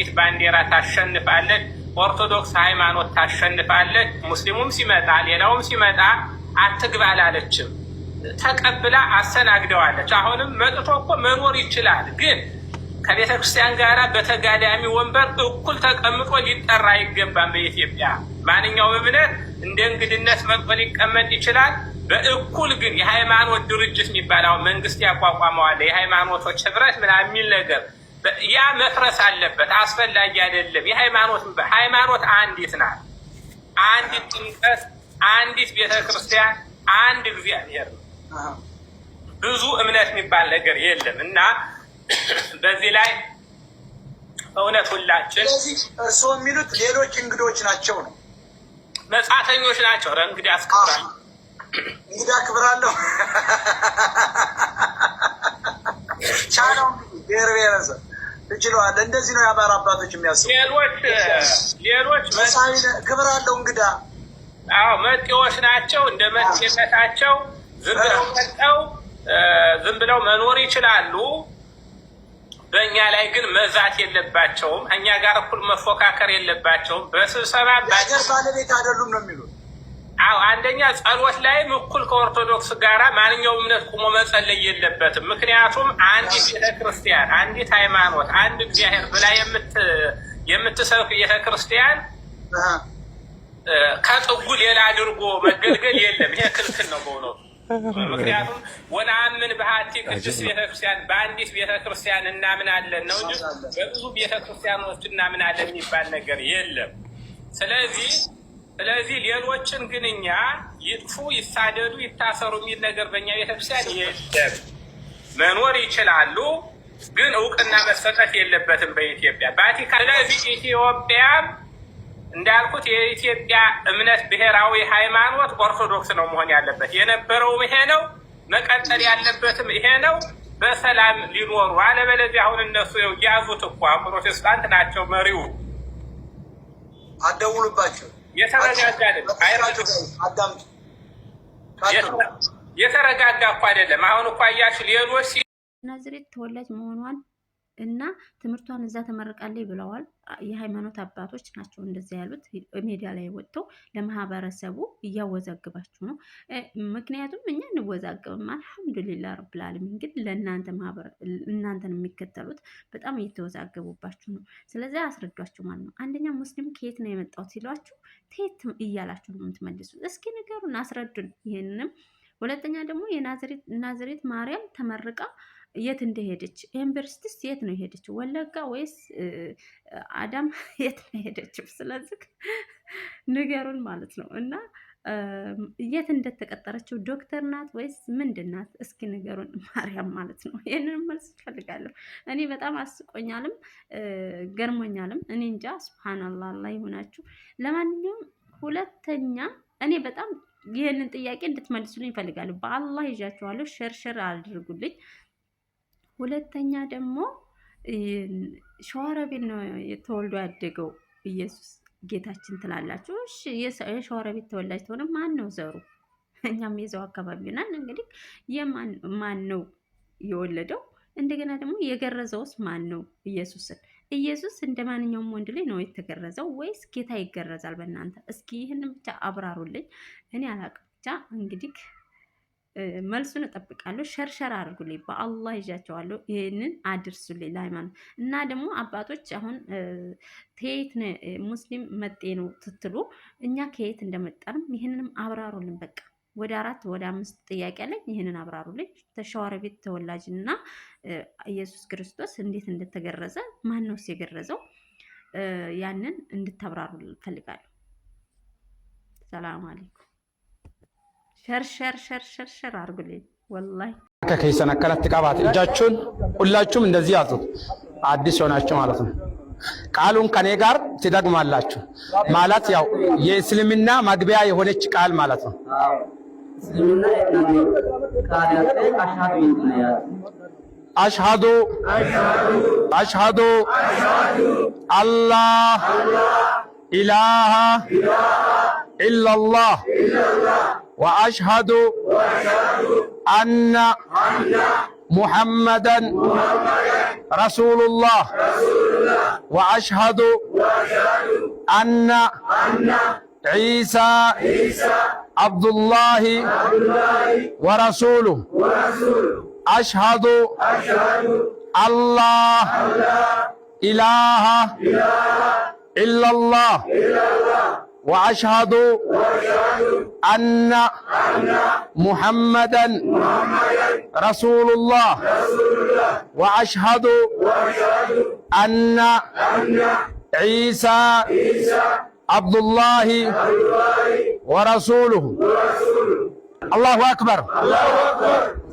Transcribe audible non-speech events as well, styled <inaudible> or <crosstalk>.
አንዲት ባንዲራ ታሸንፋለች። ኦርቶዶክስ ሃይማኖት ታሸንፋለች። ሙስሊሙም ሲመጣ ሌላውም ሲመጣ አትግባ አላለችም። ተቀብላ አስተናግደዋለች። አሁንም መጥቶ እኮ መኖር ይችላል፣ ግን ከቤተ ክርስቲያን ጋር በተጋዳሚ ወንበር እኩል ተቀምጦ ሊጠራ አይገባም። በኢትዮጵያ ማንኛውም እምነት እንደ እንግድነት መጥቶ ሊቀመጥ ይችላል። በእኩል ግን የሃይማኖት ድርጅት የሚባል መንግስት ያቋቋመዋል የሃይማኖቶች ህብረት ምናምን የሚል ነገር ያ መፍረስ አለበት። አስፈላጊ አይደለም። የሃይማኖት ሃይማኖት አንዲት ናት። አንዲት ጥምቀት፣ አንዲት ቤተ ክርስቲያን፣ አንድ እግዚአብሔር ነው። ብዙ እምነት የሚባል ነገር የለም እና በዚህ ላይ እውነት ሁላችን ስለዚህ እርስዎ የሚሉት ሌሎች እንግዶች ናቸው ነው መጻተኞች ናቸው። ረ እንግዲህ አስከብራለሁ እንግዲህ አክብራለሁ <laughs> ቻለው ብሔረ ብሔረሰብ ትችለዋል። እንደዚህ ነው የአማራ አባቶች የሚያስቡ። ሌሎች ሌሎች ክብር አለው እንግዳ አዎ መጤዎች ናቸው። እንደ መጤነታቸው ዝም ብለው መጠው ዝም ብለው መኖር ይችላሉ። በእኛ ላይ ግን መዛት የለባቸውም። እኛ ጋር እኩል መፎካከር የለባቸውም። በስብሰባ ባለቤት አይደሉም ነው የሚሉት አዎ አንደኛ ጸሎት ላይም እኩል ከኦርቶዶክስ ጋር ማንኛውም እምነት ቁሞ መጸለይ የለበትም። ምክንያቱም አንዲት ቤተክርስቲያን፣ አንዲት ሃይማኖት፣ አንድ እግዚአብሔር ብላ የምትሰብክ ቤተክርስቲያን ከጥጉ ሌላ አድርጎ መገልገል የለም። ይሄ ክልክል ነው በእውነቱ። ምክንያቱም ወነአምን በሀቲ ቅድስት ቤተክርስቲያን በአንዲት ቤተክርስቲያን እናምናለን ነው እንጂ በብዙ ቤተክርስቲያኖች እናምናለን የሚባል ነገር የለም። ስለዚህ ስለዚህ ሌሎችን ግን እኛ ይጥፉ፣ ይሳደዱ፣ ይታሰሩ የሚል ነገር በእኛ ቤተክርስቲያን የለም። መኖር ይችላሉ፣ ግን እውቅና መሰጠት የለበትም በኢትዮጵያ ቫቲካን። ስለዚህ ኢትዮጵያ እንዳልኩት የኢትዮጵያ እምነት ብሔራዊ ሃይማኖት ኦርቶዶክስ ነው መሆን ያለበት። የነበረውም ይሄ ነው፣ መቀጠል ያለበትም ይሄ ነው። በሰላም ሊኖሩ አለበለዚያ አሁን እነሱ ያዙት እኳ ፕሮቴስታንት ናቸው መሪው አደውሉባቸው የተረጋጋ አይደለም። የተረጋጋ እኮ አይደለም። አሁን እኮ አያሽ ሌሎች ናዝሬት ተወላጅ መሆኗን እና ትምህርቷን እዛ ተመርቃለች ብለዋል። የሃይማኖት አባቶች ናቸው እንደዚያ ያሉት። ሜዲያ ላይ ወጥተው ለማህበረሰቡ እያወዛግባችሁ ነው። ምክንያቱም እኛ እንወዛገብም። አልሐምዱሊላ ረብልዓለሚን። ግን እናንተን የሚከተሉት በጣም እየተወዛገቡባችሁ ነው። ስለዚህ አስረዷችሁ ማለት ነው። አንደኛ ሙስሊም ከየት ነው የመጣው ሲሏችሁ ቴት እያላችሁ ነው የምትመልሱት? እስኪ ንገሩን፣ አስረዱን። ይህንንም ሁለተኛ ደግሞ የናዝሬት ማርያም ተመርቃ የት እንደሄደች ኤምበርስትስ የት ነው የሄደችው? ወለጋ ወይስ አዳም <laughs> የት ነው የሄደችው? ስለዚህ <laughs> ንገሩን ማለት ነው እና የት እንደተቀጠረችው ዶክተር ናት ወይስ ምንድን ናት? እስኪ ንገሩን <laughs> ማርያም ማለት ነው። ይህንን መልስ እፈልጋለሁ። እኔ በጣም አስቆኛልም ገርሞኛልም። እኔ እንጃ ስብሓናላ ላ ይሆናችሁ። ለማንኛውም ሁለተኛ እኔ በጣም ይህንን ጥያቄ እንድትመልሱልኝ እፈልጋለሁ። በአላህ ይዣችኋለሁ። ሸርሸር አድርጉልኝ። ሁለተኛ ደግሞ ሸዋረቤት ነው ተወልዶ ያደገው ኢየሱስ ጌታችን ትላላችሁ። የሸዋረቤት ተወላጅ ተሆነ ማን ነው ዘሩ? እኛም የዛው አካባቢ ሆናል። እንግዲህ የማን ነው የወለደው? እንደገና ደግሞ የገረዘውስ ማን ነው ኢየሱስን? ኢየሱስ እንደ ማንኛውም ወንድ ላይ ነው የተገረዘው ወይስ ጌታ ይገረዛል? በእናንተ እስኪ ይህን ብቻ አብራሩልኝ። እኔ አላቅም። ብቻ እንግዲህ መልሱን እጠብቃለሁ። ሸርሸር አድርጉልኝ፣ በአላህ ይዣቸዋለሁ። ይህንን አድርሱልኝ ለሃይማኖት እና ደግሞ አባቶች አሁን ከየት ሙስሊም መጤ ነው ትትሉ፣ እኛ ከየት እንደመጣንም ይህንንም አብራሩልን። በቃ ወደ አራት ወደ አምስት ጥያቄ አለኝ። ይህንን አብራሩልኝ። ተወላጅ ተወላጅና ኢየሱስ ክርስቶስ እንዴት እንደተገረዘ ማን ነውስ የገረዘው? ያንን እንድታብራሩ እፈልጋለሁ። ሰላም አለይኩም። ሸርሸርሸርሸርሸር አድርጉልኝ። ወላሂ ከይሰነከለት ቃባት እጃችሁን ሁላችሁም እንደዚህ ያዙት። አዲስ የሆናችሁ ማለት ነው። ቃሉን ከኔ ጋር ትደግማላችሁ ማለት ያው የእስልምና መግቢያ የሆነች ቃል ማለት ነው። አሽሃዱ አሽሃዱ አላህ ኢላሃ ኢላላህ وأشهد أن محمدا رسول الله وأشهد أن عيسى عبد الله ورسوله أشهد الله إله إلا الله وأشهد أن محمدا رسول الله وأشهد أن عيسى عبد الله ورسوله الله أكبر الله أكبر